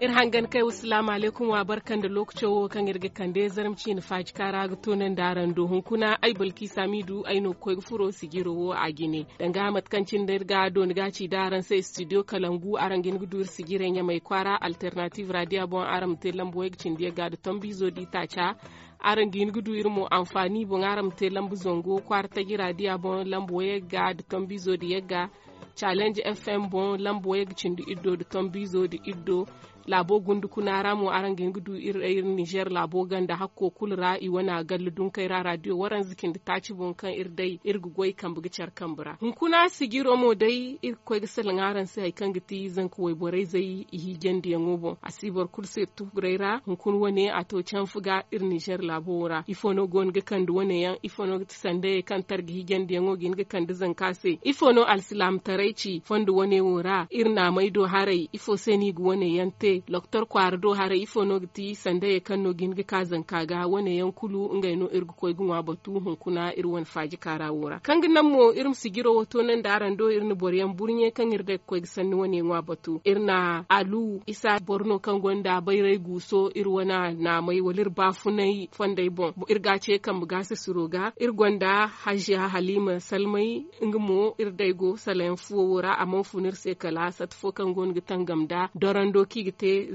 ir hangan kai wasu wassalamu alaikum wa barkan da lokacin wo kan irga kan da zarmci ni faji kara ga tonan daran dohun kuna ai bulki du ai no koi furo sigiro wo a gine dan ga matkancin da irga don gaci daran sai studio kalangu a arangin gudur sigiren ya mai kwara alternative radio bon aram te lambo yegcin da ga da tambi zo di tacha arangin gudu irmo amfani bon aram te lambu zongo ta gira dia bon lambu lambo yega da tambi zo di yega challenge fm bon lambo yegcin da iddo da tambi zo da iddo labo na ramu aran gudu irin niger labo ganda hakko kul ra'i wana gallu dun kai ra radio waran zikin da taci bon kan ir dai ir gugoi kan bugicar kan bura hun kuna sigiro mo dai ir koi gisal ngaran sai kan giti zan koi borai zai ihi gendi yango bon asibor kul se tu greira hun kun wane a to can fuga ir niger labo ifono gon ga kan wane yan ifono sande kan targi gendi ya ngogin ga kan zan kase ifono alsilam taraici fondu wane wora ir na maido harai ifo seni gu wane te dai loktor kwardo hare ifo nogti sanda ya kan nogin kazan kaga wane yankulu ngai no irgu koy gunwa batu hun kuna irwan faji kara wura kan nan mo irin sigiro wato nan da aran do irin boryan burnye kan irde koy sanni wane ngwa batu irna alu isa borno kan gonda bayrai guso irwana na mai walir bafunai fandai bon irga ce kan bugasi suroga irgonda hajiya halima salmai a irdaigo salen fuwora amon funir sekala satfo kan gon gitan gamda dorando ki te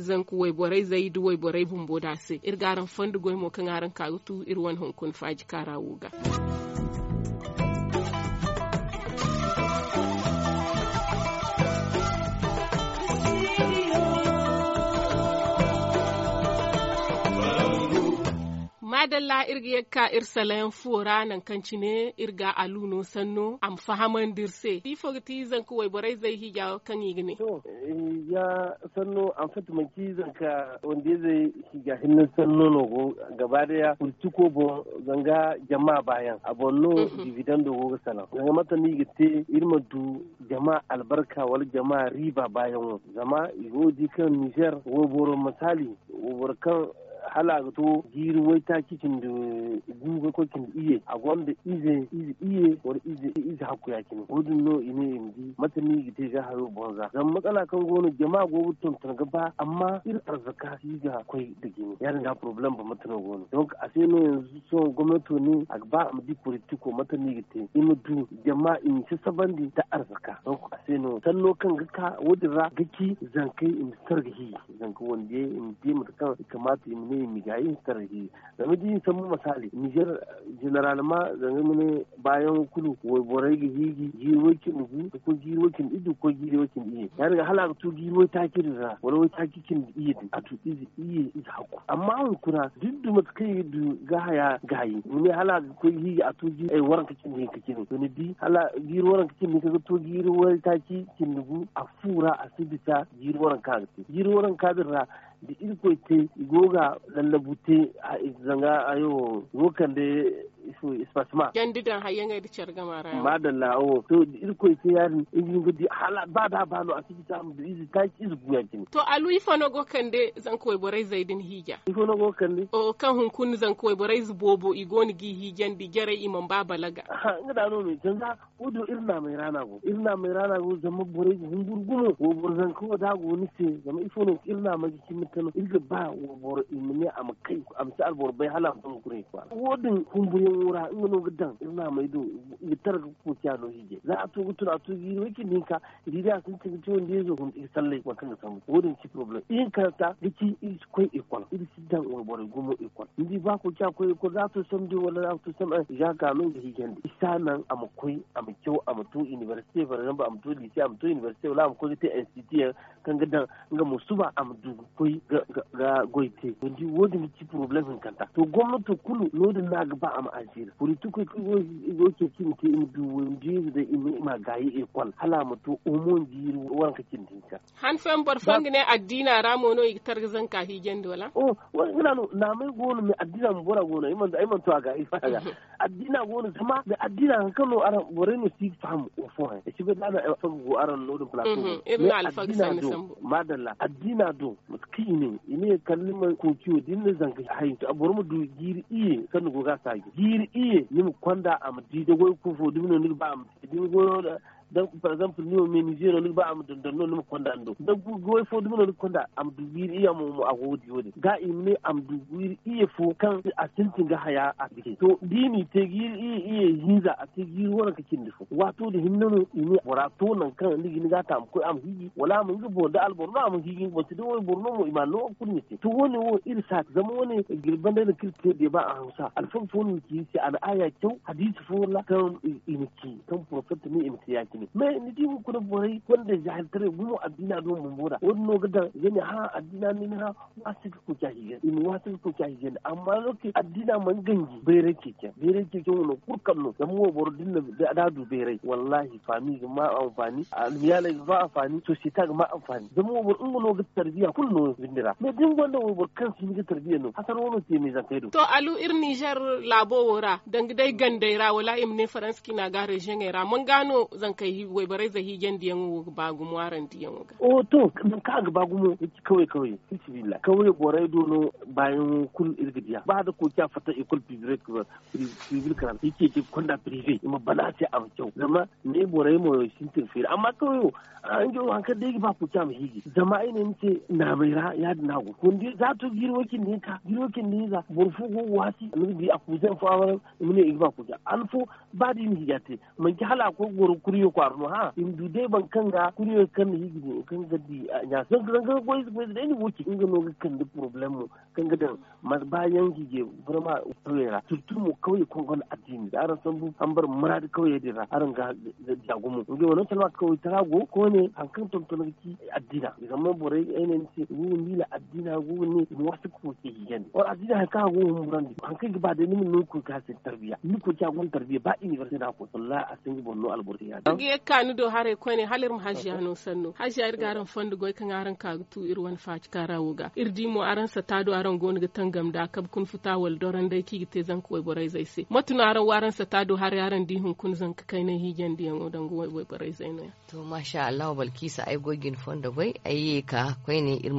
zai du wai borai bumbo dase ir irgaran fandu goy mo kangaran kagutu irwan hunkun faji kara wuga dalla irga yakka irsalayan fuora nan kancine irga aluno sanno am fahaman dirse di fogti zan ko borai zai hija kan yigne to ya sanno am man ki zan ka wanda zai ga hinnan sanno no go gaba daya kurti ko bo zanga jama'a bayan abonno mm-hmm. dividend go sanan zanga mata ni gitte irma du jama'a albarka wal jama'a riba bayan zama igodi kan Niger wo boro misali wo kan hala ga to jiri wai ta kicin da guga ko kin iye a gwamda ize ize iye war ize ize hakku ya kin gudun no ine imdi matani gite ga haro bonza dan matsala kan gona jama'a go wutun tun gaba amma ir arzaka shi ga kai da gini yana da problem ba matano gona don a sai no yanzu so gwamnati ne a ba am di politiko matani gite in du jama'a in ci sabandi ta arzaka don a sai no tallo kan gaka wudura gaki zankai in zan zankai wanda in di mutakan kamata in ne yi mi ga yi tarihi da mu ji san misali nijar general ma da mi bayan kulu wai borai gi gi gi wakin gi ko gi wakin idu ko gi wakin iye ya daga halaka tu gi wai taki da wani wai taki kin iye a tu izi iye iza ku amma an kuna diddu matkai du yi mu ne halaka ko gi a tu gi ai waran kakin ne kakin to ni di hala gi waran kakin ne kaga to gi wai taki kin dugu a fura a sibita gi waran ka gi waran ka di iko te goga dan labute a zanga ayo rokan da su ispasma gandidan hayan ga dicar gamara madalla o to irko te yari in gudi hala ba da balo a cikin tam da izi ta ki zugu to alu ifano gokan de zan koy borai zaidin hija ifano gokan de o kan kun zan koy borai zubobo igoni gi hijan di gare imam babalaga ngada no me tanga udu irna mai rana go irna mai rana go zama borai hungurgumo go borzan ko da go nice zama ifano irna ma jikin kano iga ba wor imini am kai am sar bor bai hala fun kure kwa wodin kumbuyen wura in wani gidan ina mai do gitar ku kya no hije za a to gutuna tugu yi wiki ninka dida sun ci to ne zo hun sallai kwa kan samu wodin ci problem in ka karta diki is koi ikon idi sidan wor bor gumo ikon ndi ba ku kya koi ko za to samdi wala za to sam ya ga men da hijen isanan am koi am kyau am to university faran ba am to lise am to university wala am ko ta NCT kan gidan ga musuba am du koi ga goite ndi wodi mi ci problem kanta to gwamnati kulu nodin na ga ba am ajira politiko go ce kin ke in du wonji da in ma gayi e kon hala mutu umon jiri wan ka kin dinka han fen bor fang ne addina ramo no tar zan ka hi gen dola oh wala no na mai gono mi addina mu bora gono iman da iman to ga ifa ga addina gono sama da addina kan no aran bore no si famu o fo e shi da na famu go aran nodin plateau mhm, ibn al-fagsan sambo madalla addina do mutkin ine ine kallima ko kiyo dinne zanka hayin to abor mu du giri iye kan go ga sa giri iye ni mu kwanda am ni ba am di donc par exemple ni mi niger ni ba am don non mo konda ando da go fo dum ni konda am du bir iya mo mo agodi wode ga imne am du bir iya fo kan a tinti ga haya a dike to dini te gir iya iya hinza a te gir wona ka kindi fo wato da hinno ini wara to nan kan ni ni ga ta am koi am higi wala mun ga boda al borno am higi bo ti do borno mo iman no kunni to woni wo iri irsa zama woni girban da kirte da ba a hausa alfan fo ni ki ci an aya kyau hadisi fo la kan iniki kan prophet ne imtiyaki ne me ni di ku da borai wanda jahiltare mu addina don mun boda wonno gada yana ha addina ni ha wasu ko jahiye in wasu ko jahiye amma lokaci addina man ganji bere bai bere ke wono kurkan no da mu bor din da bai bere wallahi fami ma amfani almiyala ba amfani to shi ta ma amfani da mu bor ngono ga tarbiya kullu bindira me din da wo bor kan shi ga tarbiya no hasan wono te me zan kaido to alu ir niger labo wora dangdai gandaira wala imne faranski na gare jengera mun gano zan kai zahi wai bare zahi gen diyan ba gumu aran diyan waga o oh, to ka ga ba gumu kawai kawai bismillah kawai gore dono bayan kul irgidiya ba da ko kya fata ikul public civil kan yake ki konda privé ma bala ce a kyau zama ne gore mo sintin fira amma kawai an jo an ka dai ba ku kya mu higi zama ina nce na mai ra ya na go kun dai za to girwokin ne ka girwokin ne za burfu go wasi a ku zan fa mun ne ba an ba hala kuriyo kwarno ha in dude ban kan kanga kuniyo kan higini ga di ya san kan ga boys boys da ni wuce ga no ga kan da problem mu kan ga da mas bayan gige burma tuwera tutu mu kawai kun ga addini da aran san bu an bar murad kawai da ra aran ga da jago mu ga wannan talwa kawai tarago ko ne an kan tuntun ki addina daga mun bore ainin ce ni ni la addina go ne mu wasu ku ke yin or addina ka go mu ran an kai ba da ni mun ko ka sai tarbiya ni ko jagon tarbiya ba university da ko sallah a sun yi bonno alburtiya ye kanu do hare kone halir hajiya no sanno hajiya ir garan fondu goy kan aran ka tu ir wan faci karawuga ir mo aran sa do aran goni ga tangam da kab kun futa wal doran dai ki gite zan koy borai zai se na aran waran sa do hare aran di hun kun zan kai na higen di mo dan goy boy zai no to masha Allah balkisa ai gin fondu goy ayi ka koy ne ir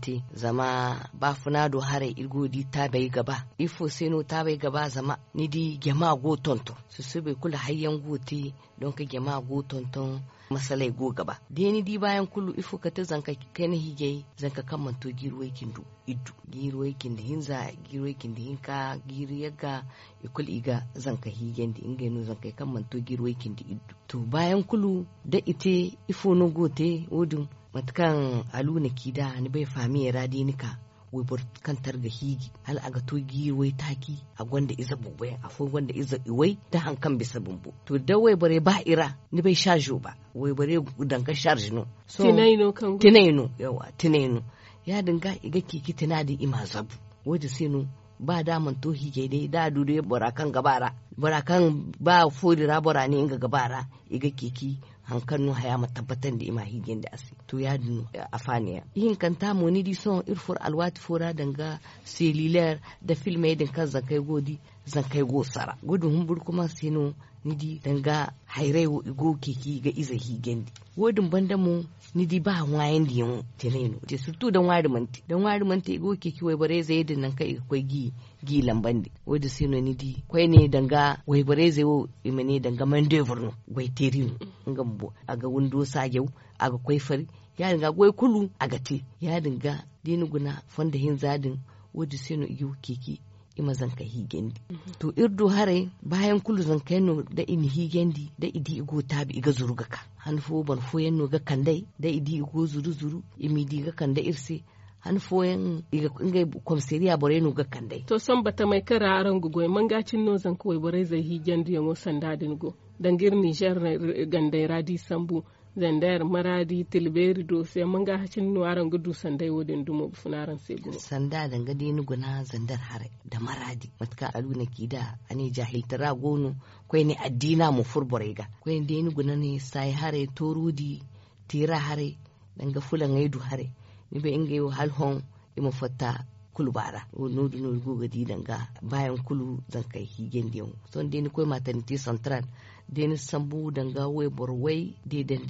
ti zama ba funa do hare ir godi ta bai gaba ifo seno ta bai gaba zama ni di gema go tonto su su bai kula hayyan goti don ka gema go tonton masalai go gaba deni di bayan kullu ifu ka ta zanka kai na hige zanka kan manto girwai kindu iddu girwai kindu hinza girwai kindu hinka giriyaga ikul iga zanka hige di inga no zanka kan manto girwai kindu iddu to bayan kullu da ite ifo no gote wodun matkan na kida ni bai fami ya radinika wai bar kantar da higi hal aga to giyi wai taki a gwanda iza bubai a fo gwanda iza iwai ta hankan bisa bumbu to da wai bare ba ira ni bai sha jo ba wai bare danka charge jino so tinaino kan tinaino yawa tinaino ya dinga iga kiki tinadi ima zabu wajen sinu ba daman to hige dai da dudu barakan gabara barakan ba fodira bora ne inga gabara iga kiki hankan no haya tabbatar da ima higin da asi to ya dunu a faniya yin kanta moni di son irfur alwati fora danga cellular da filme din kan zankai godi zankai gosara gudun humbur kuma sino nidi danga hairai go kiki ga iza higendi wodin banda mu nidi ba wayan di yon teneno je surtu dan wari manti dan wari manti go kiki wai bare zai din nan kai kai gi gi lambandi wodi sino nidi kai ne danga wai bare zai wo imene danga mandevur no wai terino ngambo aga wundo sagew aga kai fari ya dinga goy kulu aga te ya dinga dini guna fonda hin zadin wodi sino iyo kiki ima zanka higendi mhm. to irdu hare bayan kulu zanka yano da in higendi da idi igo tabi iga zuruga ka hanfo balfo no ga kandai da idi igo zuru zuru imi di ga kanda irse hanfoyan iga ingai komseriya bore no ga kandai to son bata mai kara aran gugo man gacin no zan kuwai bore zai higendi yango sanda dingo dangir Niger gandai radi sambu zandayar maradi tilberi do sai mun ga hacin nuwaran gudu sandai wadin dumo funaran sai sanda danga deni guna zandar hare da maradi matka aluna kida ani jahil tara gonu kwai ne addina mu ga. kwai deni guna ne sai hare torudi tira hare danga fulan aidu hare ni be inga yo halhon imu fatta kulu bara no dino go gadi danga bayan kulu zankai higen diyon son deni kwai matanti central deni sambu danga we borwai de den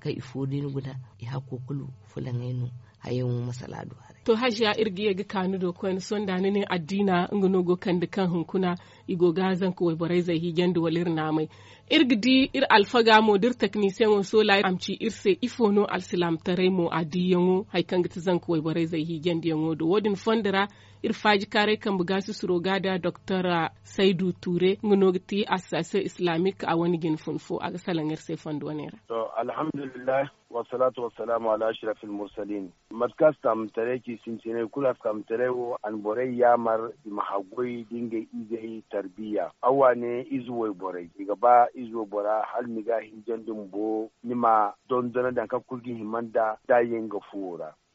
ka ifo deni guda i hako kulu fulangainu hayan masala to hajiya irgi ya ga kanu do kon ne addina ngunugo kan kan hunkuna igo gazan ko borai zai higen da walir mai irgidi ir alfaga mo dir technicien mo so lai amci irse ifono al tare mo adi yango hay kanga zan ko borai zai higen da yango do wadin fondara ir faji kare kan buga su suroga da dr ah, saidu ture ngunogti asase islamic a wani gin funfo a salan irse fondo nera to alhamdulillah wa wasalamu ala ashrafil mursalin matkas tam tare ki sinsine kula kam tare wo an borai yamar mahagoi dinga ije tarbiya awane bora daga ba izuwe bora hal miga hinjandum bo nima dondona da ka kulgi himanda da yenga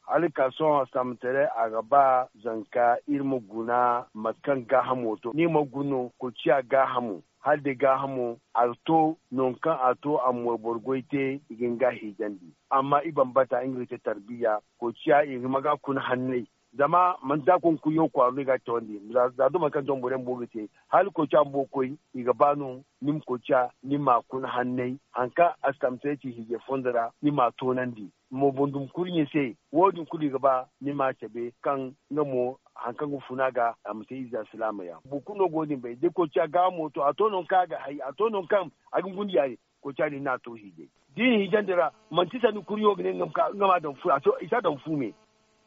hal ka so samtare a gaba zanka irmu guna matkan hamoto ni maguno kulciya gahamu har da hamu alto nonkan ato a borgoite igin hijan jandi amma iban bata ingilita tarbiya ko ciya maga kun hannai zama man kun ku yo kwa ga tondi da do kan don boren bogo te hal ko cha mbo ko iga banu nim ko cha ni ma kun hannai hanka astamse ci hige fondara ni ma tonandi mo bondum kurnye se wodin kuli ba ni ma tabe kan mo an kan funa ga a mutu iza silama ya kuno godin bai de ko cha ga moto a tonon ga hay a tonon kam a gungun ya ko cha ni na to hige din hijan dira man tisa ni kuriyo ne ngam ka ngama dan fu a to isa dan fu me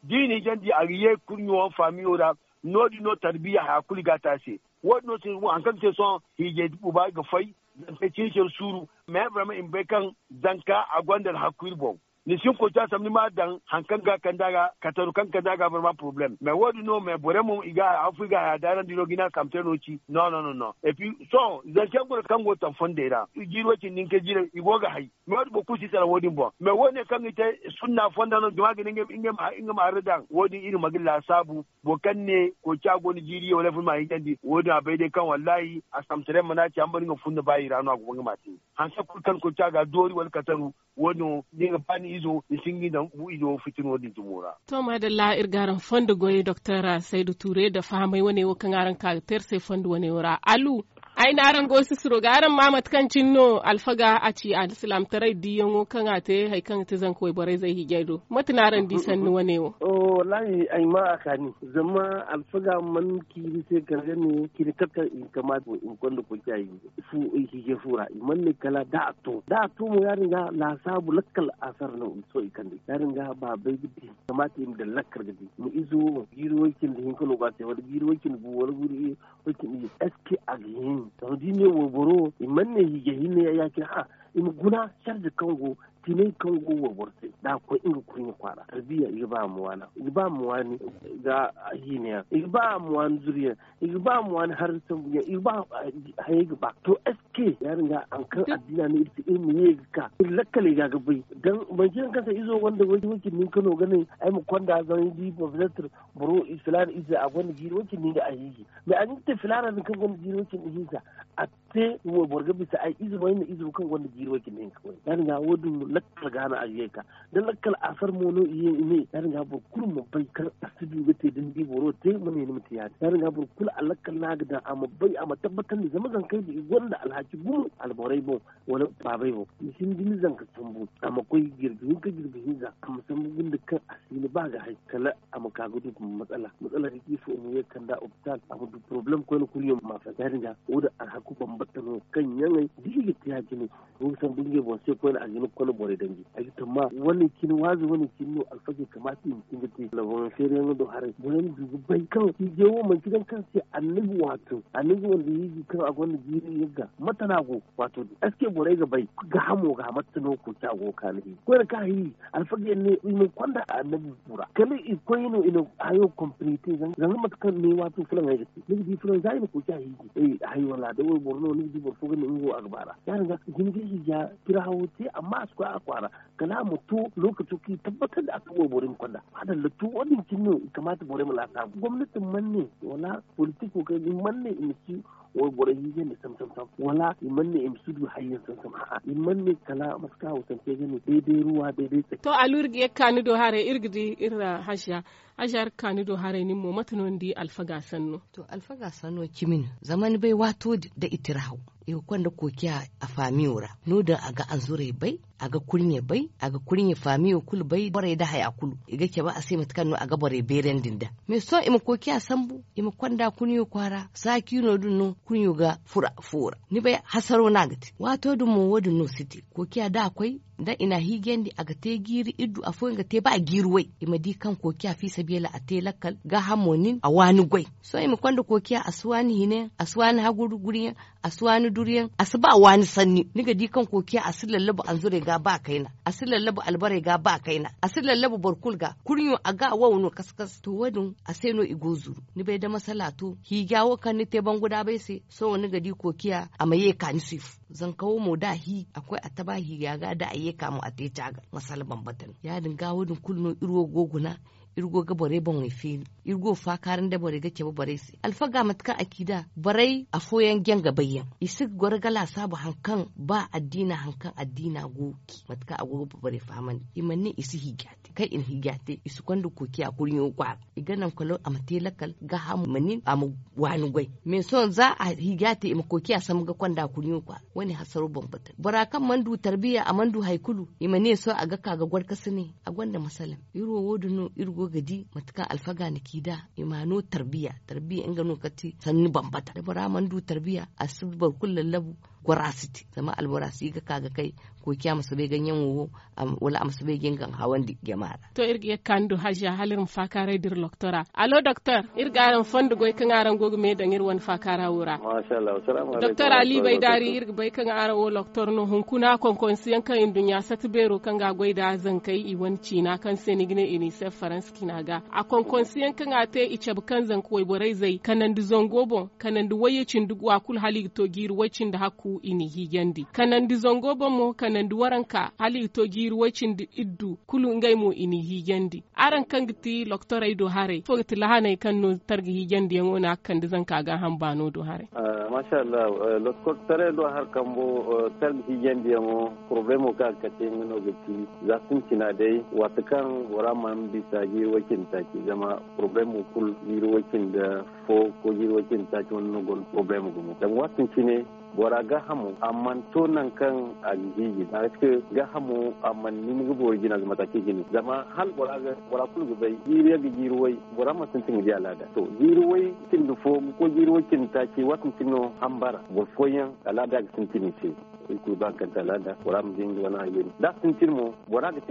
dini jandi ariye kunyo fami oda no di no tarbiya ha kuli gata se wodi se an kan se son hije dubu ba ga fai zan pe cin suru me vraiment in be kan zanka a gwandar hakuri bo ni sin ko ta ni ma dan hankan ga kan daga kataru kan ka daga bar ma problem me wodi no me bore mu iga afrika ya daran diro gina kamte no ci no no no no e puis so zan ke ko kan go tan fonde da jiro ci nin ke jire igo ga hay me wodi bo kusi tara wodi bo me woni kan ite sunna fonda no juma gine ngem ngem ha ngem ha redan wodi iri magilla sabu bo kan ne ko cha go ni jiri wala fu ma yandi wodi abai dai kan wallahi a samtare mana ci an bari ga funna bayi ranu a gobe ma ti hansa kul kan ko cha ga dori wal kataru wodi ni ga bani izo isingidan bu izo fitinodin tumora to madalla irgaran fondo goye Dr. saidu ture da fahamai wani wakan aran ka sai fondo wane alu na aran gosi suroga aran mamat kan cinno alfaga aci islam ta tarai di yango a ta yi haikan te zan kawai bare zai mata na ran di sannu wane wa. o oh, wallahi ai ma kani zama alfaga man kiri sai garga ne kiri tata in kama in kondo ko yi fu hige fura in man ne kala da a to da a to mu ya ga la sabu lakkal asar no so ikan da ya ga ba bai gidi kamata in da lakkar gidi mu izo giro wakin da hinkalo ba sai wani giro wakin buwar guri wakin eski agin tawdine woboro imanne hige ya yake ha im guna charge kango tinai kan gowa burtse da ko inga kunya kwara tarbiya iga ba mu wana iga ba mu wani ga hiniya iga ba mu wani zuriya iga ba mu wani har san buya iga ba haye ga ba to sk yarin ga an kan addina ne ita ilmi ne ga ka lakkale ga ga bai dan ban jin kansa izo wanda wani wakin nin Kano ganin ai mu kwanda zan yi professor buru islam izo a gwani giri wakin ni da ahihi me an ta filara ne kan gwani giri wakin iza a te wo borga bisa ai izo mai ne izo kan gwani giri wakin nin kawai yarin ga wodin lakkal gana a yeka da lakkal asar mono iye ne yarin ga bur kul mu bai kar asibi bete din di boro te mun ne mutiya ya yarin ga bur kul na ga da amma bai amma tabbatar ne zama kai da gonda alhaji gum alborai bo wala babai bo shin din zan ka tumbu amma koi girbi ka girbi za amma san gun da kan asibi ba ga haikala amma ka gudu matsala matsala da kifu mu yakan da hospital amma du problem ko ne kuliyum ma fa yarin ga oda alhaku bambatan kan yanayi digi ta ya gini ko san bunge bo sai ko ne a ko gore dangi a ta ma wani kini wazi wani kin no alfaje kamati mu kin gite la wani fere do hare wani dubu bai kan ki je wa man gidan kan sai annabi wato annabi wanda yi kan a gwani jiri yaga matana go wato aske gore ga bai ga hamo ga matano ko ta go kan yi ko da ka yi alfaji ne mun kwanda annabi pura kale i ko ino ino ayo complete zan zan kan ne wato fulan ai ne bi filan zai ko ta yi ai eh, ayi wala da wo borno ne bi borfo ne ngo agbara yaran ga kin ji ya kira hawo amma su ka a kwara kana mutu lokacin ki tabbatar da aka wo borin kwanda hadan lutu wannan ne kamata bore mu la ta gwamnatin manne wala politiko kai manne in ci wo yi zai sam samsam sam wala ne imsu sudu hayyan sam sam ha ne kala maska wutan gani daidai ruwa daidai tsaki to ya yakkani do hare irgidi irra hasha ajar kani do hare ni mo matanon di alfaga sanno to alfaga sanno kimin zaman bai wato da itirahu yau kwanda kokiya a famiwura no da aga an zure bai aga kurnye bai aga kurnye famiyo kul bai bare da haya kulu iga ke ba a sai mutkan no aga bare beren dinda me so ima kokiya sambu ima kwanda kunyo kwara saki no dunno kun yuga fura fura ni bai hasaro na gati wato dum mu wadu no city ko kiya da akwai da ina higendi aga te giri iddu a nga te ba girwai ima di kan ko kiya fi sabiyala a te lakal ga hamonin a wani gwai so ima kwanda ko kiya suwani hine suwani haguru guri asu wani duriyan asu ba wani sanni ga di kan kokiya asu lallabu an zure ga ba kaina asu lallabu albare ga ba kaina asu lallabu barkul ga a ga wawuno kaskas to wadun aseno zuru. ni bai da masala to kan ni te guda bai sai. so ga di kokiya amaye kan sif zan kawo mu da hi akwai a taba hi ga da ayyuka mu a te caga masal batan ya ga wadun kulno iro goguna irgo ga bare bon e irgo fa karin da bare gake bare si alfaga matka akida barai a foyan ga bayyan isik gore gala sabu hankan ba addina hankan addina goki matka agogo bare faman imanni isi higate kai in higate isu kwanda koki a kurin yo kwara iganan kalo amate lakal ga hamu manin mu wani gwai me son za a higate im koki a samu ga kwanda kurin yo kwa wani hasaru bara kan mandu tarbiya a mandu haikulu imanni so a ga kaga gwarkasine a gwanda masalam iro wodunu irgo go gadi matuka alfaga ni kida imano tarbiya tarbiya in ka kati sanni bambata da bara man du tarbiya asibbar kullal labu gorasiti zama yi alborasi ga kai ko kiya masu bai ganyen wo wala amsu bai gangan hawan di gemara to irga kandu haja halin fakare dir loktora alo doktor irga ran fondu goy kan aran gogu me dangir won fakara wura masha Allah assalamu alaikum doktor ali bai dari irga bai kan aran wo loktor no hunkuna kon kon siyan kan in dunya sat bero kan ga goy da zan kai i wanci na kan senigne ini se france kina ga a kon kon siyan kan ate ice kan zan koy borai zai kanan du zongobo kanan du wayecin dugu wakul hali to gir wacin da hakku au ini higendi kanandi zongo bomo kanandi waranka hali ito to wachin di iddu kulu ngay mo ini higendi aran kangti loktora ido hare fo gati lahana ikan no targi yang ona na di zanka aga hamba no do hare ah, masha Allah eh, loktora do har kambo eh, targi yang o problemo ka kate ngino giti zatin kina dai watakan wara man bisa gi wakin taki zama problemo kul giru wachin da fo ko giru wakin taki wannan gol problemo gumo dan watin kine bora ga hamu amma to nan kan angigi na ke ga hamu amma ni mugo bori na zamata ke gini zama hal bora ga bora kul ga bai jiriya ga jirwai bora ma sun tin ya lada to jirwai tin da fo ko jirwai kin take watin tino ambara bor foyan alada ga sun tin ce ku ba kan talada bora mu dinga wana yin da sun tin bora ga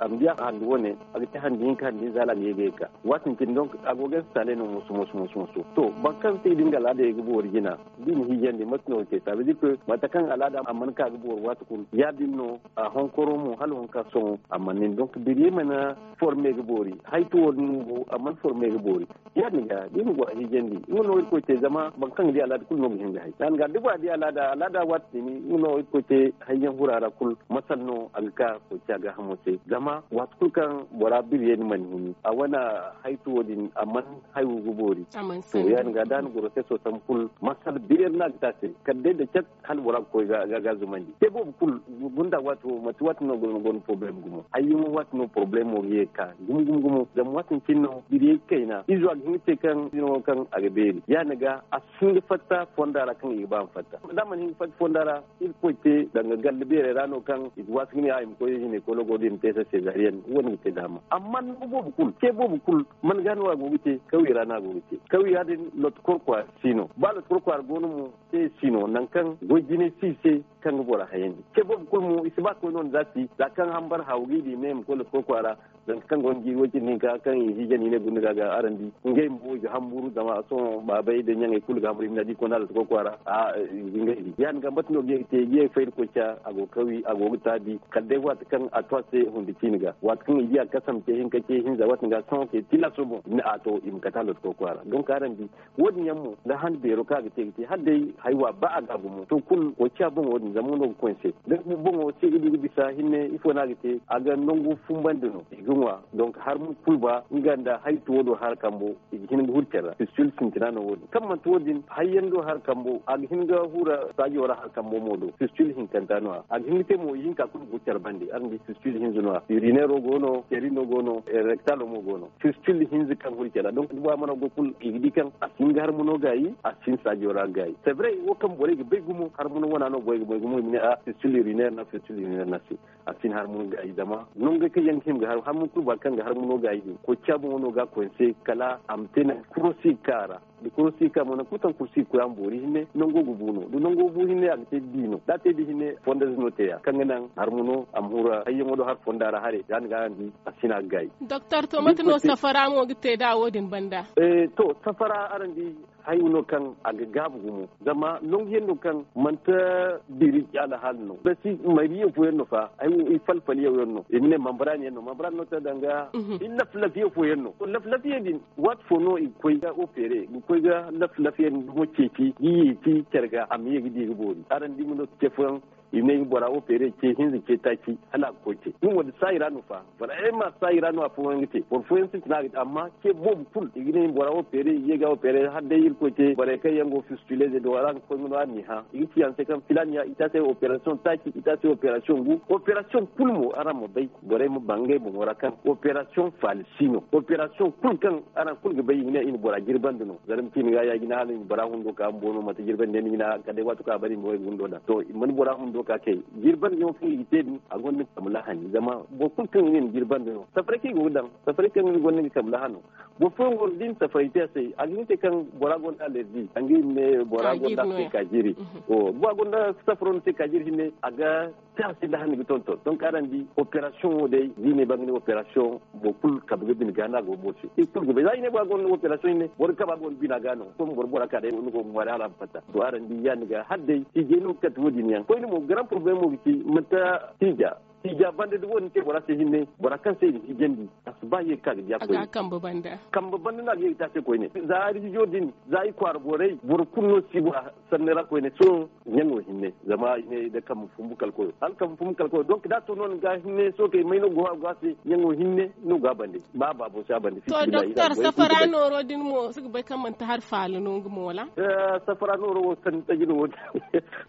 am biya handi wone aga ta handi yin handi zala ne bai ka watin kin don agogen sale ne musu musu musu musu to ban kan sai dinga lada ya gubo bi din hiyan de matno ke ta bi ko kan alada amman ka gubo wata kun ya dinno a hankoro mu hal hon ka son amma amman don ka biri mana forme gubori haitu won amma forme gubori ya ni ga bi mu go hiyan ne mu ngono ko te zama ban kan di alada kullum mu mi hinga hai dan ga duba di alada alada ne mu ngono ko te hayyan hurara kul masanno aga ko ta ga hamote zama ma watkukan warabir yen manhini a wana haitu wadin amman haihu gubori to yan ga dan goro sai so san kul masal biliyan na ta ce kadde da chat hal warab ko ga ga ni te bo kul gunda wato matu wato no gon gon problem gumo ayyuma wato no problem o ye ka gum gum gumo da kai na biriye kaina izo te kan dino kan a ga beri ya ni ga a sun fatta fondara kan yi ba fatta da man hin fatta fondara il ko koite daga galbere rano kan idwasin ya im ko yi ne ko logo din pesa te zariyan wani te dama amma no bobu kul ke bobu kul man gani wa gobe te kawai rana gobe te ya din lot korkwa sino ba lot korkwa gonu mu te sino nan kan gojine sise kan bora hayani ke bobo bukul mu isba ko non zati da kan hambar hawgi di mem ko lot korkwa ra dan kan gonji wajin ni ga kan yi jani ne gundaga ga arandi nge mbo ji hamburu dama so ba bai da nyangai kul ga hamri nadi ko nal ko kwara a nge ngai yan gambat no ge te ge fail ko cha ago kawi ago tabi kadde wat kan atwa se hundi hunditi kiniga wat kin yiya kasam ke hin kake hin za wat ga son ke tila sobo ni ato im katalo ko kwara don karan bi wodin yammu da han be ka ga tege har dai haiwa ba a gabu mu to kun ko cha bon wodin zamu no ko se dan mu bon o ce ibi bisa hinne ifo na gite aga te aga nongu fumban dino igunwa e don har mu kulba nganda hay to wodo har kambo e hin igin hurtera e sul sintina no wodo kam man to wodin hayyan do har kambo aga hin ga hura sa saji wara har kambo modo sul hin no aga hin te mo yin ka kun hurtera bande arndi sul hin zuno urinero gono kerino gono e rectalo eh, mo gono fistil hinzi kan hul kala donc amana go kul igidi kan asin gar no gayi asin sajora gayi c'est vrai wo kam bore ge begumo har muno wana no boy boy gumo mine a fistil urinaire na fistil urinaire na si asin har muno gayi dama non ge ke yankim ga har mo kurba kan ga har no gayi ko mo no ga se kala amtena kurosi kara dikurusi ka mona kutan kursi ku yan bori hine nongo buno du nongo bu hine an te dino da te di hine fonda zino te ya kanganan harmono am hura ayyango do har fonda ra hare dan ga ni asina gai doctor to matno safara mo gite da wodin banda eh to safara arandi hayuno kan aga gabu gumu zama non yendo kan manta biri ala halno basi mari yo fuyenno fa ay i falfal yo yonno inne mambrani mambara no ta danga mhm. in laf laf yo fuyenno ko laf laf yedin wat fono i koy ga opere in koy ga laf laf yedin mo yi ti kerga am yegi digi bori aran no cefuran yi bora o pere ke hinzi ke ki ala ce. in wani sayira no fa bora e ma sayira fuwan afu ngite fuwan fu ensi na amma ke bob pul yi bora o pere ye ga o pere yi ko koke bora ke yango fistule de do ala ko no ani ha y'i ki an se kan filani ya ita se operation taki ita se operation gu operation pul mo ara mo bai bora mo bange mo wara kan operation falsino operation pul kan ara kul ga bai ne in bora girban dino ki kin ga ya gina halin bora hundo ka ambono mata girban ne ni na kade watu ka bari mo hundo da to man bora hundo doka kai girban yon fun yite du a gonne kamla hani zama bo kun kan yin girban da yau ke gudan safare ke gonne kamla hanu bo fun gordin sai a sai agin te kan bora alerji an gini ne bora da te kajiri mhm. o bo gon da safron te kajiri ne aga ta sai da hani bitonto don karan di operation de yi ne bangni operation bo kul bin gana go bo ci ikul go zai ne bo gon operation ne bor ka ba gano ko bor bora de ko mo wala fata to aran di ya ni ga hadde ti genu katwodi ne ko ni mo grand problème mo ngi ki mata tija tiga bande dubu ni ke bora se hinne bora kan se ni gendi asba ye kag ya ko kan bande kan bande na ye ta se ko ne za ri jo din za i kwar borai bor kunno si bora sanera ko ne so nyen wo hinne zama ne da kam fumbu kal ko al kam fumbu kal ko donc da to non ga hinne so ke mai no go ga se nyen wo hinne no ga bande ba ba bo sa bande to doctor safara no din mo su ba kam man ta har falu no gumo wala eh, safara no ro san ta gino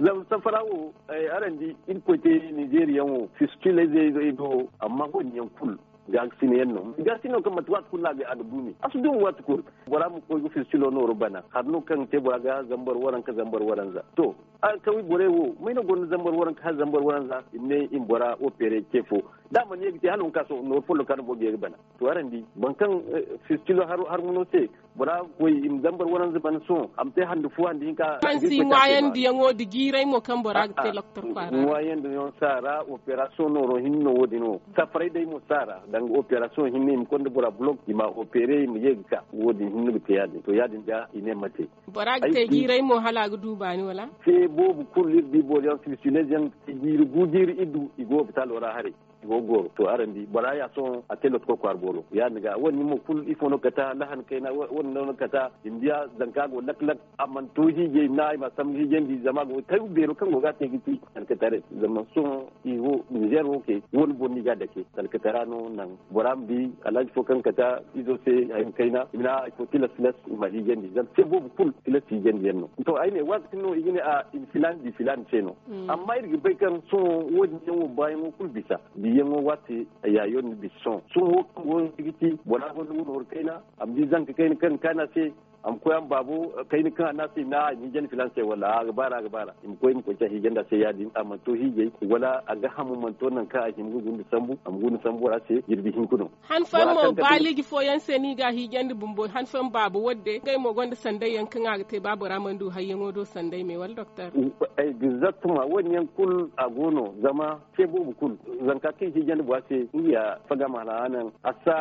zam safara wo arandi eh, in ko te nigeria wo kila zai zai do amma gonyan kul gaxineyenno gasino kam mati wat kullaɓe aɗa buumi aso dum wat kur warama koygo fistulonooro bana harno kan te boraga zambar waran ka zambar waran za. to a kawi bore wo mayno gonno zambar waran ka zambar waran za. ne in bora opere kefo dama ni yegite halon kaso no follo kan bo geeri bana to arandi ban kan eh, fistulo har har muno se bora koy im zambar waran waranza bana so am te hande fo hande hinka man si wayandi yango digiray mo kan bora ah, te ah. docteur fara wayandi yon sara opération noro hinno wodino safaray day mo sara dan operation hinne mi konde bura block ma opere mi ka wodi hinne bi yadi to yadi da ine mate bara te girai mo hala go duba wala se bobu kulli bi bo yan filisinesian giru gudiri idu igo hospital wara hari gogor to arandi bara ya son a tela ko kwar bolo ya niga woni mo kul ifo no kata lahan kaina woni no kata india zankago lak lak amman toji je nay ma samji je ndi di zamago kai bero kan goga te giti an katare zaman son iho niger wo ke won bonni ga dake kan katara no nan boram bi alaj fo kan kata izo se ay kaina ina ko tela filas ma ji je ndi zan se bobu kul tela ti je ndi no to ay ne wat no igine a in filan di filan ce mm. amma irgi bai kan son wo bay mo kul bisa bi yengo wati ya yon bison so wo ko ngiti wala ko ngur kaina abdi zank ken ken kana se am koyan babu kai ni kana nasi na hijen filanse wala agbara agbara im koy mi ko ta hijen da sai yadi amma to hije wala aga hamu man to nan ka ajin gugun da sambu am gugun sambu a sai yirbi hin kudu han fam mo baligi fo yan seni ga hijen da bumbo han fam babu wadde kai mo gonda sandai yan kan aga te babu ramandu hayyen odo sandai me wal doctor ai e, gizattuma wannan kul agono zama ke bubu kul zanka kai hijen da wase iya faga mana nan asa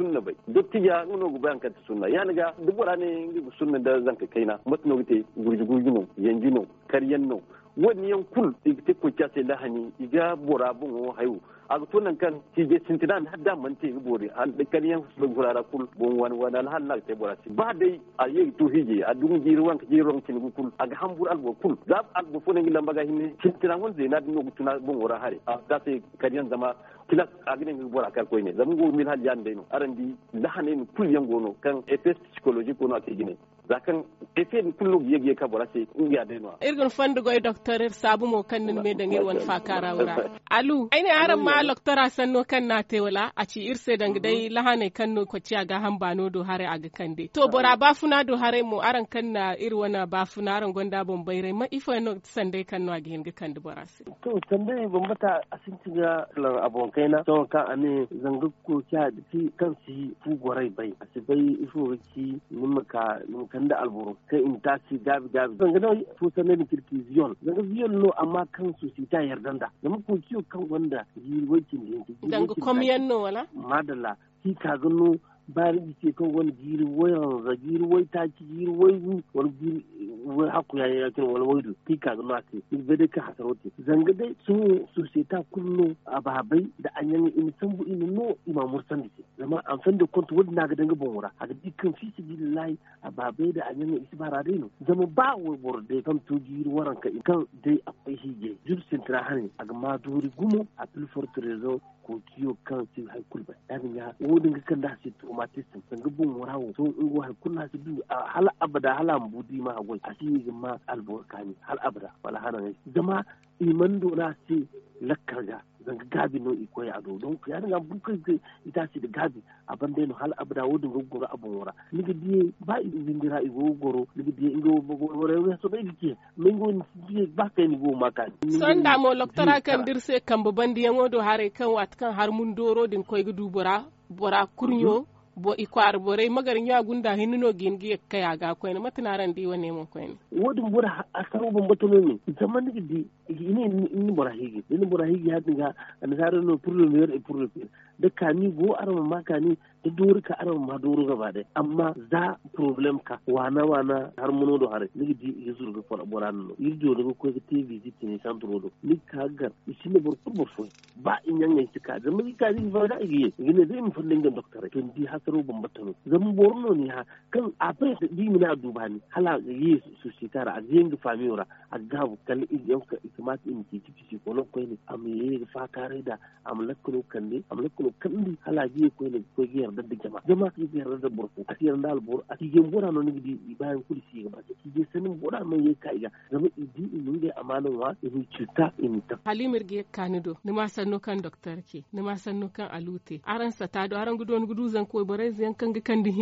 sunna bai duk tija ngono gubayan ka sunna ya ga dubura ne sunna da zanka kaina matno te gurjugugino yanjino karyanno wani yankul te ko kyase lahani iga borabun hayu a tunan kan tije sintinan na da man te bore an de kan yan su ra kul bon wan wan al halal te bora ba dai a ye to hije a dun jiri wan je ron tin kul a ga hambur al kul za al go funan gilan baga hinne sintinan won zai na dun tuna bon wora hare a ah, da te kan yan zama kila a gine ngi bora ko ne zamu go mil hal yan de no arandi hanen kul yan gono kan effet psychologique kono a te gine zakan kullum kullu ye ye kabora se ya de no irgun fandu goy e docteur sabu mo kannin me da ngir fa kara wura alu aini aran ma san sanno kan na te wala a ci irse dang mhm. dai lahane no ko ci aga hambano do hare aga kande to bora bafuna do hare mo aran kanna ir wana bafuna aran gonda bon bayre ma ifo no sande kanno aga hin ga kande bora se to tambaye bambata asinci ga lar abon kaina to ani ane zanga ko ci kan si fu gorai bai asibai ifo ki nimka nimka kan da alboro sai in tashi gabi gabi zanga na to sanin kirki ziyon zanga ziyon no amma kan su si ta yardan da da muku kiyo kan wanda yi wakin da yanki ga komiyan no wala madalla ki ka gano bari ike kan wani jiri wai ranza jiri wai taki jiri wai wani jiri wai haku ya yi kira wani waidu tika ga mace in bai dai ka hasarote zanga dai sun sosai kullo a babai da an yanyi in san bu in no ima san da ke zama an san da kwanta wadda na ga danga ban wura a ga dukkan fi su layi a babai da an yanyi isi ba dai no zama ba wai bor dai kan to jiri waran ka kan dai akwai hige jur sintra hane a ga maduri gumo a pilfor trezo ko kiyo kan si hay kulba yani ya wodin ga kan da si automatism san ga bun murawo so in go hay kunna si du hal abada hala budi ma gol asi ma albo kani hal abada wala hanan zama iman do na si lakkarga zanga gabi no iko ya do don ya nga buka ke ita si da gabi aban de no hal abda wudu goro abun wora ni ga biye ba idin windira i go goro ni ga biye ingo wura wora we so be ke min go ni ba ka ni go maka san da mo loktara kan dirse kan bandi yango do hare kan wat kan har mun doro din koy ga dubura bora kurnyo bo ikwar borai magar nya gunda hinno gi kaya ga ko ne matina ran di wane mo ko ne wodum bura asaru bum batulo ni zaman ni di ini ni bura higi ni bura higi hadin ga an sare no pour le meilleur et pour le pire da kani go arama ma kani da duri ka arama ma duri gaba da amma za problem ka wana wana har muno do hare ni di yuzu ga fara bora no ni do daga ko ga tv ji tin san duro do ni ka gar isi ne borfur borfur ba in yan yan ka da mun ka ni da yi ne zai mun fundin ga doctor to di hasaro ban batano zan borno ni ha kan apai di mina duba ni hala yi su tara a jinga famiora a bu kan yan ka ikmat in ki ki ko ko ni am yi fa kare da am lakko kan ni am lakko no kandi ala ji ko ne ko da jama jama ki ji yarda da burku a yarda da albur a cikin bora no ni di bayan kuli si ga ba ki je sanin bora mai yayi kai ga zama idi in da amanan wa in cuta in ta halimir ge kanido ni ma sanno kan doktor ke ni ma sanno kan alute aran sa ta do aran gudu wani gudu zan ko bare zan kan ga kan di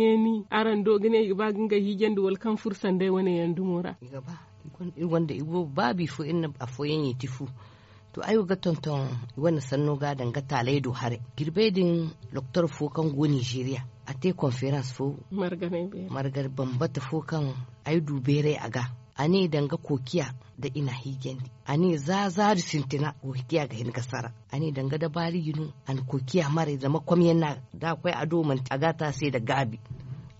aran do gine ba ginga higen do wal kan fursan dai wani yandu mora ga ba wanda ibo babi fo inna afoyen yitifu to ayu ga tonton wani sanno ga danga talaido har hare girbe din doktor fokan go nigeria a te conference fo margar bambata fokan ayi dubere aga ani danga kokiya da ina higendi ani za zari sintina kokiya ga hin kasara ani danga da bari yinu an kokiya mare zama kwamiyan na da akwai ado man ta sai da gabi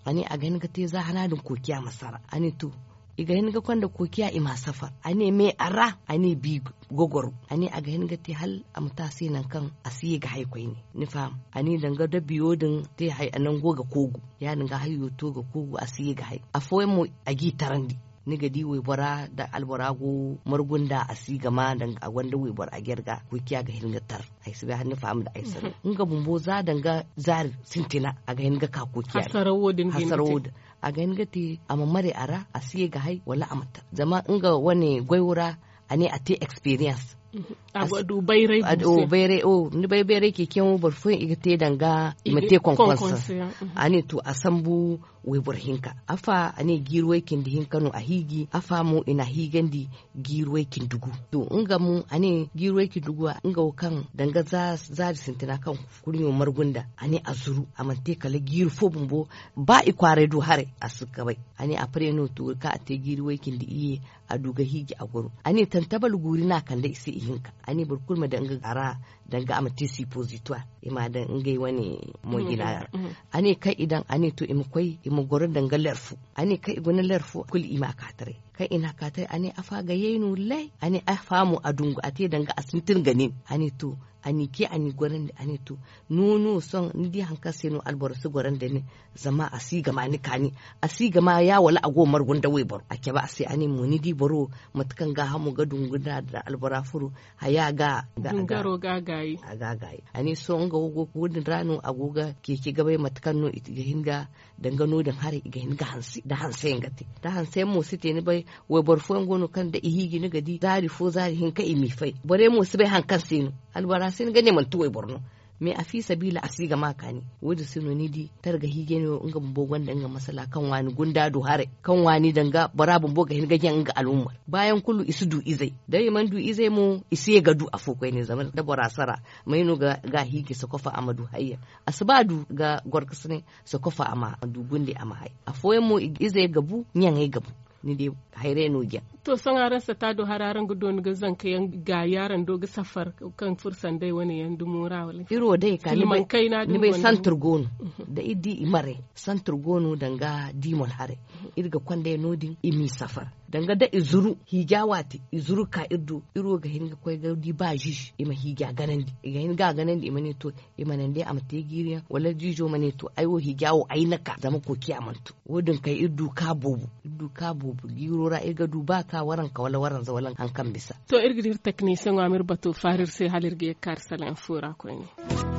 ani a ganin ka te za hana kokiya masara ani to iga ga kwanda kokiya ima safa ane me ara ane bi gogoro ane aga ga te hal amta nan kan A siye ga haikwai ne ni fam ane danga da biyo din te hai anan goga kogu ya ninga hayo to ga kogu siye ga hai afoi mu gi tarandi ni ga di webara da albarago margunda a sigama da a wanda webar a gerga ku kiya ga hilga tar ai su hannu famu da aisar in mhm. ga bumbo za danga zari sintina a ga ga ka ku kiya hasarwo din hasarwo a gani gati ama mamare ara a siye ga hai wala a mata zama in ga wani gwaiwura ani a te experience mm-hmm. A abu bayrai o bayrai o ni bayrai ke ken barfun igite danga mate mm-hmm. a ani to asambu we hinka afa ane girwe kin di a higi afa mu ina di girwe kin dugu to inga mu ane girwe kin dugu kan danga za za sintina kan kurnyo margunda ane azuru amante kala giru fo bumbo ba i kware du hare asuka bai ane apre no to ka te girwe kin di iye a duga higi a goro ane tantabal guri na kan da isi hinka ane burkulma danga gara ga ama tisi positoire ima dan ngai wani mo mm-hmm. gina mm-hmm. ane kai idan ani to im koi im goro dan galarfu ane kai gona larfu kul ima katare kai ina katare ani afa ga yenu lai ani afamu adungu ate dan ga asintin ganin ani to ani ke ani gwaran da ani to nono son ni di hanka sai no albor su gwaran da ne zama a si gama ni kani a si gama ya wala a gomar gunda wai bar ake ba sai ani mu ni di baro matukan ga hamu ga dunguna da albora furu haya ga ga ga gagayi a ga gagayi ani son ga ko din rano ke keke gabai matukan no ga hinga dangano da har ga hinga hansi da ga ngati da hansai mu te ni bai wai bar an gono kan da ihigi ni di zari fo zari hinka imi fai bare mu su bai hankan no albora singa gane mantu tuwai borno me a fi sabila a siga maka ne wadi sino ni di targa hige ne in ga bumbo gwanda in ga masala kan wani gunda do hare kan wani danga bara bumbo ga hinga gen ga al'umma bayan kullu isu du izai da man du izai mu isi ga du afokai ne zaman da bara sara mai nu ga ga hige su kofa amadu hayya asbadu ga gorkas ne su kofa ama du gunde ama hay afoyen mu izai gabu nyan gabu ni dai haire no gen to sangaran sa ta do hararan gudon ga zan yan ga yaran do ga safar kan fursan dai wani yan dumura wala iro dai ka ni bai kai na ni bai san turgonu da idi imare san turgonu danga dimol hare irga kwande nodin imi safar danga da izuru hijawati izuru ka irdu iro ga hinga koy ga di ba jish ima ganan di ga hinga ganandi ima ne to ima nan dai am tegiriya wala jijo mane to ayo hijawo ainaka zama ko kiyamantu wodin kai irdu ka bubu irdu ka bubu giro ra irga du ba ka ka waran ka wala waran wala an hankan bisa to irgidir technicien amir batu farir sai halirge kar salan fura ko ne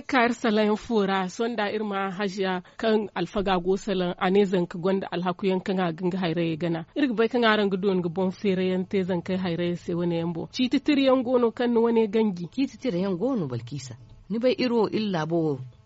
te kayar salan fura sonda irma hajiya kan alfaga go salan ane zanka gwanda alhakuyan kan ganga haire gana irga bai kan aran gudu wani bon fere yan te zanka haire sai wani yambo ci titir yan gono kan wani gangi ki titir yan gono balkisa ni bai iro illa bo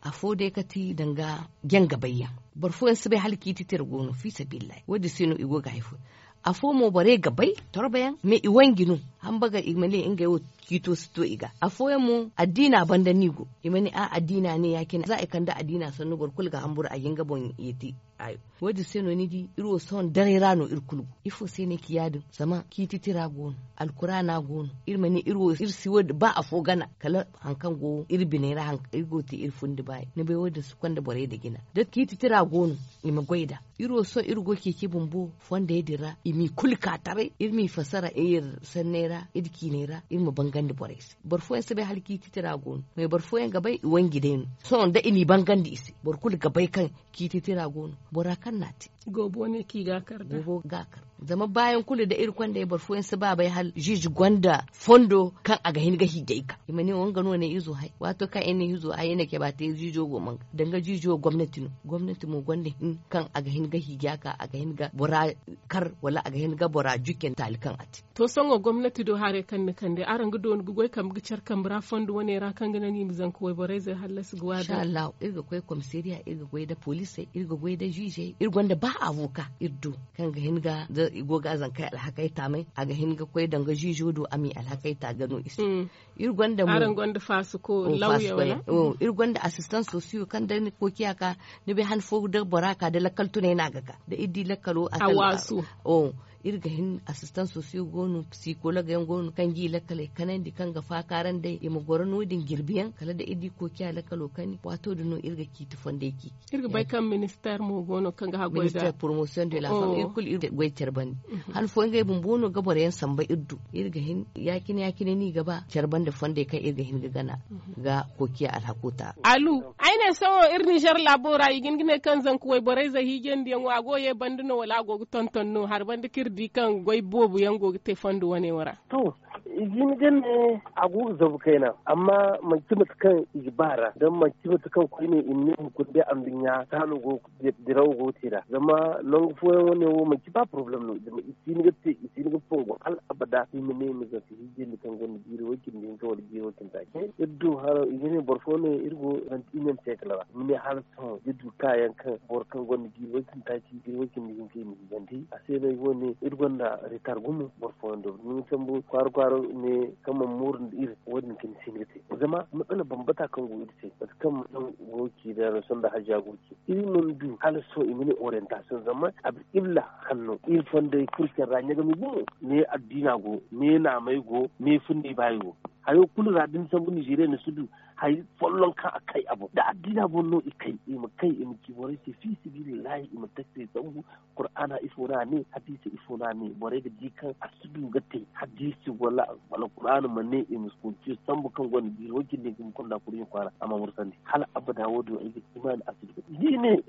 a fode kati danga gyan gabayya. barfo yan bai halki titir gono fi lai. wadi sinu igo ga haifu a fomo bare gabai torbayan me iwan ginu an baga imani inga yau kito sito iga a foyamu adina banda nigo imani a addina ne yakin za a kanda adina sanu gurkul ga hambur a yin gabon yeti ayo wadi seno nidi iro son dare rano irkulu ifo sene yadin zama ki titira gonu. alkurana gonu. irmani iro irsi wadi ba a fogana kala hankan go irbine ra hankan irgo ti irfundi bai ne bai wadi su kwanda bore da gina dat ki titira gono ima gwaida iro so irgo ki bumbu fonda yadira imi kulka tare irmi fasara ir sannera idki nera irma bangan da bore barfo yasa bai halki titira tira mai barfo yan gabai wangi denu son da ini bangan da isi barkul gabai kan ki titira gono boraakan naati gobo ne ki gakar da gobo gakar zama bayan kula da irkon da ya bar fuyin su babai hal jiji gwanda fondo kan aga hin gahi da ika ne wanga no ne izo hai wato kan ina izo a ne ke ba ta jijo go man danga jijo gwamnati no gwamnati mu gwanda hin kan aga hin gahi yaka aga hin ga bora kar wala aga hin ga bora juken talikan ati to sango gwamnati do hare kan ne kan da aran gudo on gugoi kam gicar kan bura fondo wani ra kan gana ni mizan ko bura zai halasu gwa da insha Allah irga koi komisariya irga koi da police irga koi da jije irga gwanda ba ba avoka iddu kan ga hinga da igoga zan kai alhakaita mai a ga hinga koi danga jijo do ami alhakaita ta gano isu mm. ir gwanda mu aran gwanda fasu ko lauyewa wala o assistant socio kan da ko kiyaka ni bai han fo da baraka da lakal tuna yana gaka da idi lakalo a wasu o oh, irga hin assistant socio gonu psychologue yan gonu kan gi lakale kanan di kan gafa karan dai ima gora nodin girbiyan kala da idi ko kya lakalo kani wato da no irga ki tufan da ki irga bai kan minister mu gonu kan ga hagoida minister promotion de la oh. femme irkul irga gwai cerban mhm. han fo ngai bumbono gabore yan samba iddu irga hin yakin yakin ni gaba cerban wanda fonde kan irga hin gana ga kokiya alhakuta alu aina sawo irni jar labora igin gine kan zan kuwai borai za higen diyan wa goye banduno wala gogu tonton no har bandi kirdi kan goy bobu yan gogu te fondu wane wara to ne jimjime agu zabu kaina amma manki kan ibara don manki kan kuyi ne in ne da an binya tanu go dirau go tira zama nan fuwe wani wo manki ba problem ne zama ne ga te ne ga fongo al abada imi ne mi zafi yi jini kan gani biyu wa wakin din ka wani biyu wa biri ta ke yaddu har ne borfo ne irgo ran inen kala ba mine har son yaddu kayan kan bor kan gani biyu wa borkan goni biri wakin take biri wakin din ni mi ganti a sai dai wani irgon da ritar gumu borfo ndo ni san bu tambu kwarko faru ne kaman murin da iri wadin kin sin ne zama matsalar bambata kan go iri ce kan dan goki da rasun da hajja goki iri mun du hal so imini orientation zama ab illa hannu iri fonda kurkin ranya ga mu ne addina go ne na mai go ne fundi bayo hayo kullu radin san bu Nigeria ne sudu hay follon ka akai abu da addina bonno ikai ima kai e ima kibore se fi sibilillahi ima takse zangu qur'ana ifona ne hadisi ifona ne bore ga dikan asibu gatte hadisi wala wala qur'ana manne e ima skunti sambu kan gon biro ne gum kon da kuri kwara amma mursandi hal abada wodo e iman asibu ne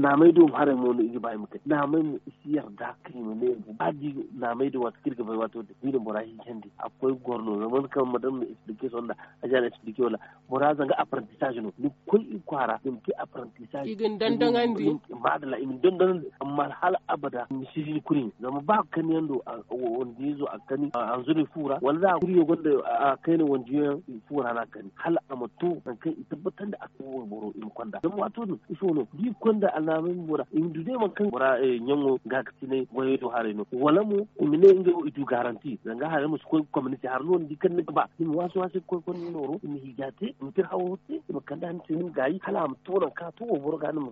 na mai do hare mo ne igi bai mukai na mai mu isiyar da krimi ne adi na mai do wat kirga bai wato dinin borahi kendi akwai gorno zaman kan madan mu explication sonda ajana explication mu ra zanga apprentissage no ni kul i kwara din ki apprentissage idin dandangandi madala imin dandan amma hal abada mi sisi kuri zama ba kan yando wanda yazo a kani an zuri fura wala za kuri gonda a kai ne wanda fura na kan hal amatu an kai tabbatar da wo boro in kwanda dan wato ni iso no bi kwanda alamin bora in dude man kan bora eh, nyango ga kitine goye to hare no wala mu ne inga itu garanti zanga hare mu ko community har non dikan ba ni wasu wasu ko kon noro ni hawa higate mitir hawote makanda han tinu gayi hala am tonan ka to wo boro ganim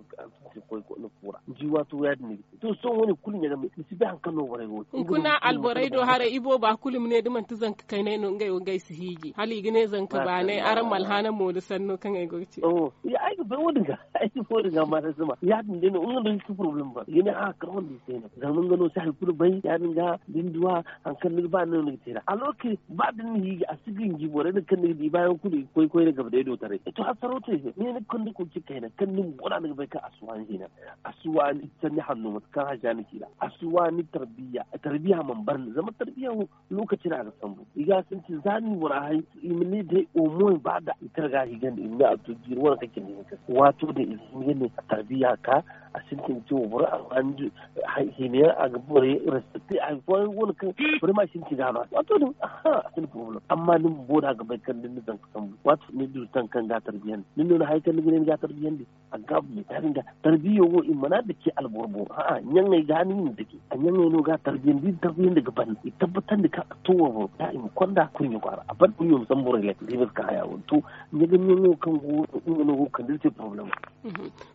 ko ko fura ji wa to yad ni to so woni kulin ya mi sibe han no bore wo kuna alborai do hare ibo ba kulim ne diman tizan ka kai ne no ngai ngai su sihigi hali gine zan ka ba ne aran malhana mo da sanno kan ai goci oh ya ah, ai ba wodi ga ai ko dinga ma da ya yad ne un da su problem ba gine a karon di sai na zaman gano sai kulu bai ya din dinga dinduwa an kan ba ne ne tira a lokaci ba din higi a sigin ji gibore da kan ne di bayan kulu kwaikwai koy daga bade do tare to asaro te ne ne kun ko ki kai na kan nin wala daga bai ka asuwan hina asuwan ita ne hannu mata kan haja ne kila asuwan tarbiya tarbiya man bar ne zama tarbiya lokacin a san bu iga sun ci zani wara hai imini dai umu ba da itar ga higan da inda a tuji ruwan kake ne wato da izini ne tarbiya ka a sintin ci wuri a an hiniyar a gabore respecti a wani wani kan wani ma sintin gano wato da a sin problem amma nin boda ga bai kan din zan san wato ne du tan kan ga tarbiyan nin no hay kan ne ga tarbiyan di aga mi taringa tarbiyo go in mana da ke alborbo a a nyan ne ga nin da ke a nyan ne no ga tarbiyan di tarbiyan daga ban i tabbatar da ka towa bo ta in kwanda kun yi kwara a ban kun yi musan bore lek rivers ka haya won to ne ga nyan kan go in no go kan dirce problem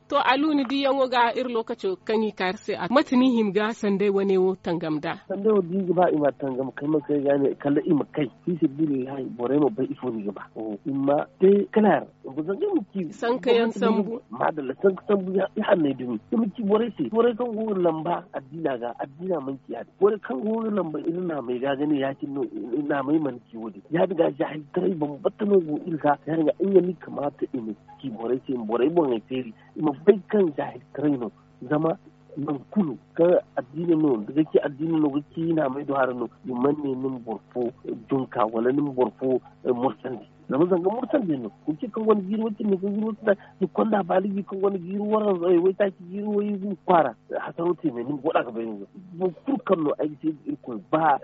to aluni di yango ga ir lokaci kan yi kar karse a matini him ga sande wane wo tangam da sande wo di ba ima tangam kai ma kai ga ne kala ima kai fi sibilillahi bore mo bai ifo ni ga ba imma te kanar buzan ga muki san kayan sambu madalla san sambu ya hanne dumi da muki bore se bore kan go lamba addina ga addina man ki ya bore kan go lamba irin na mai ga gani ya kin no na mai man ki wodi ya daga jahil tare ban battano go ilka ya daga in ya mi kamata in ki bore se bore bon ai teri ma bai kan jahil tare no zama nan kulu ka addini no daga ki addini no ga ki na mai do har no yumman ne nin borfo dunka wala nin borfo eh, mursali zama ga murtar ne ko ke kan wani giro wacce ne kan giro wacce ni kwanda baligi kan wani giro wannan zai wai ta ki giro wai zu fara hasan wuce ne ni goda ka bayin mu furkan no ai sai ku ba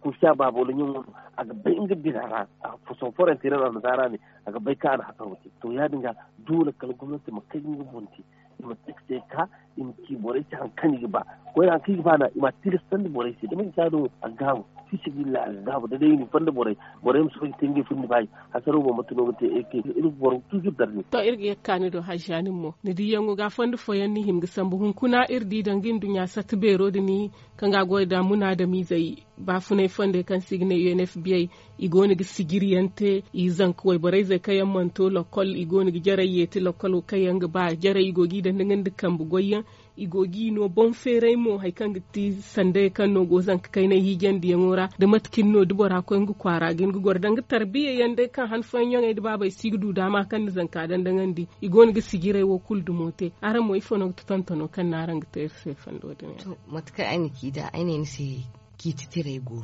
ku sha ba bolin yin a gaban inga bidara a fuson foran tirar da zara ne a bai ka an hasaro to ya dinga dole kal gwamnati mu kai ni bunti mu tsikse ka imti bore ci hankani ba ko ya hankani ba na ima tiristan da bore ci da man jado a gamu fisi gilla a gamu da dai ni fanda bore bore musu fi tingi fundi bai hasaru ba mutu no te eke iru bore tuju darni to irgi yakani do hajjanin mo ni di yango ga fanda foyan ni himga sambu hun kuna irdi dangin dunya be rodi ni kanga da muna da mi zai ba funai fande kan signe UNFBA igoni gi sigiriyante zan koy bore zai kayan manto lokol igoni gi jarayeti yeti lokol kayan ga ba jarayi gogi da ningin dukkan bugoyen igogi no bon ferai mo hay kan ti sande kan no gozan kai na higen di ngora da matkin no bora ko ngu kwara gin gu gordan ga tarbiya yande kan han fo nyonge da baba sigdu dama kan zan ka dan dan ngandi igon gi sigire wo kul du mote ara mo no to no kan naran ga fan do de to ani ki da ni se ki titire go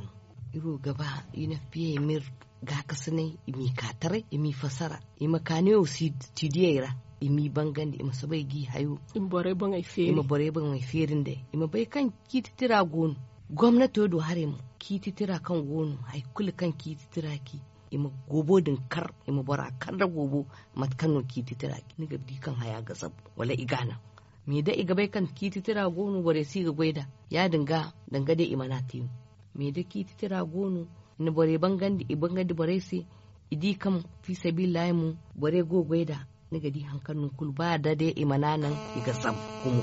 iro gaba ina fiye mir ga kasane imi katare imi fasara imi kanewo si tidiyera imi bangan ima sabai gi hayo ima bore ban feri ferin de ima bai kan kititira gonu gwamnati do hare mu kititira kan gonu hay kul kan kititira ki ima gobo din kar ima bora kar da gobo mat kano kititira ki ni gabdi kan haya gasab wala igana me da iga bai kan kititira gonu bare si ga gwaida ya dinga danga da na tiyu me da kititira gonu ni bare bangan di bare si idi kam fi sabi mu bare go gwaida ni gadi hankalin kul ba da dai imananan iga sam kumu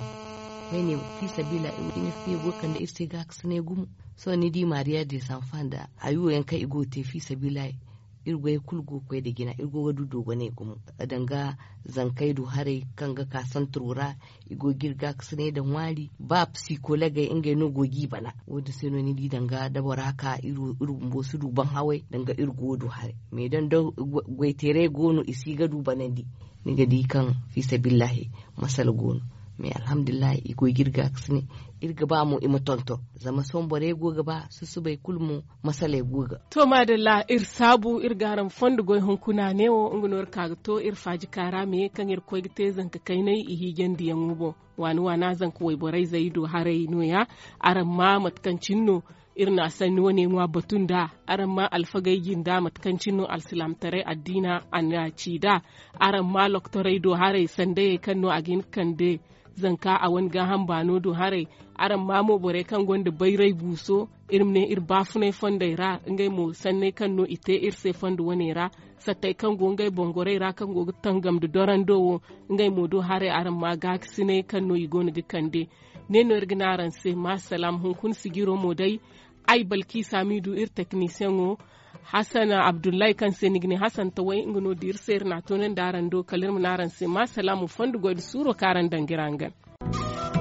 ne fi sabila ni fi gokan da iste ga sane gumu so ni di maria de san fan da ayu yanka igo te fi sabila irgo ya kulgo kwai da gina irgo du dogo ne gumu danga zankai du hare kanga kasan turura igo girga sane da wali ba psikologa ga no gogi bana sai no ni di danga dabara ka iru bo su duban hawai danga irgo du hare me dan da gwaitere gonu isi ga du bana di niga di kan sabillahi masal gono me alhamdulillah igo girga sine irga ba mu ima tonto zama son bore goga ba su su bai kulmu masale goga to madalla ir sabu ir garan fondu goy hon ne newo ngunor kaga to ir faji kara me kan ir koy gite zan ka kai i higen diyan ubo wani wana zan ko borai zaido harai noya ya aran cinno irna sannu wani mwa batunda aramma alfagai ginda matkancinu alsilamtare addina da cida aramma loktorai do hare sande kanno kan kande zanka a wani wanga hambano do hare aramma mo bore kan gonda bayrai buso ne ir bafune fonde ra ngai mo sanne no ite irse fanda wani ra sattai kan go ngai bongore ra kan go tangam do doran dowo ngai mo do hare aramma gaksine kanno igoni gikande neno irginaran se ma salam hunkun sigiro mo dai ay balki samidu ir technicien o hasana abdullahi kan senigni hasan wai ingino dir ser na tonen daran do kalirmu naran se ma salamu fandu goyde suro karan dangirangan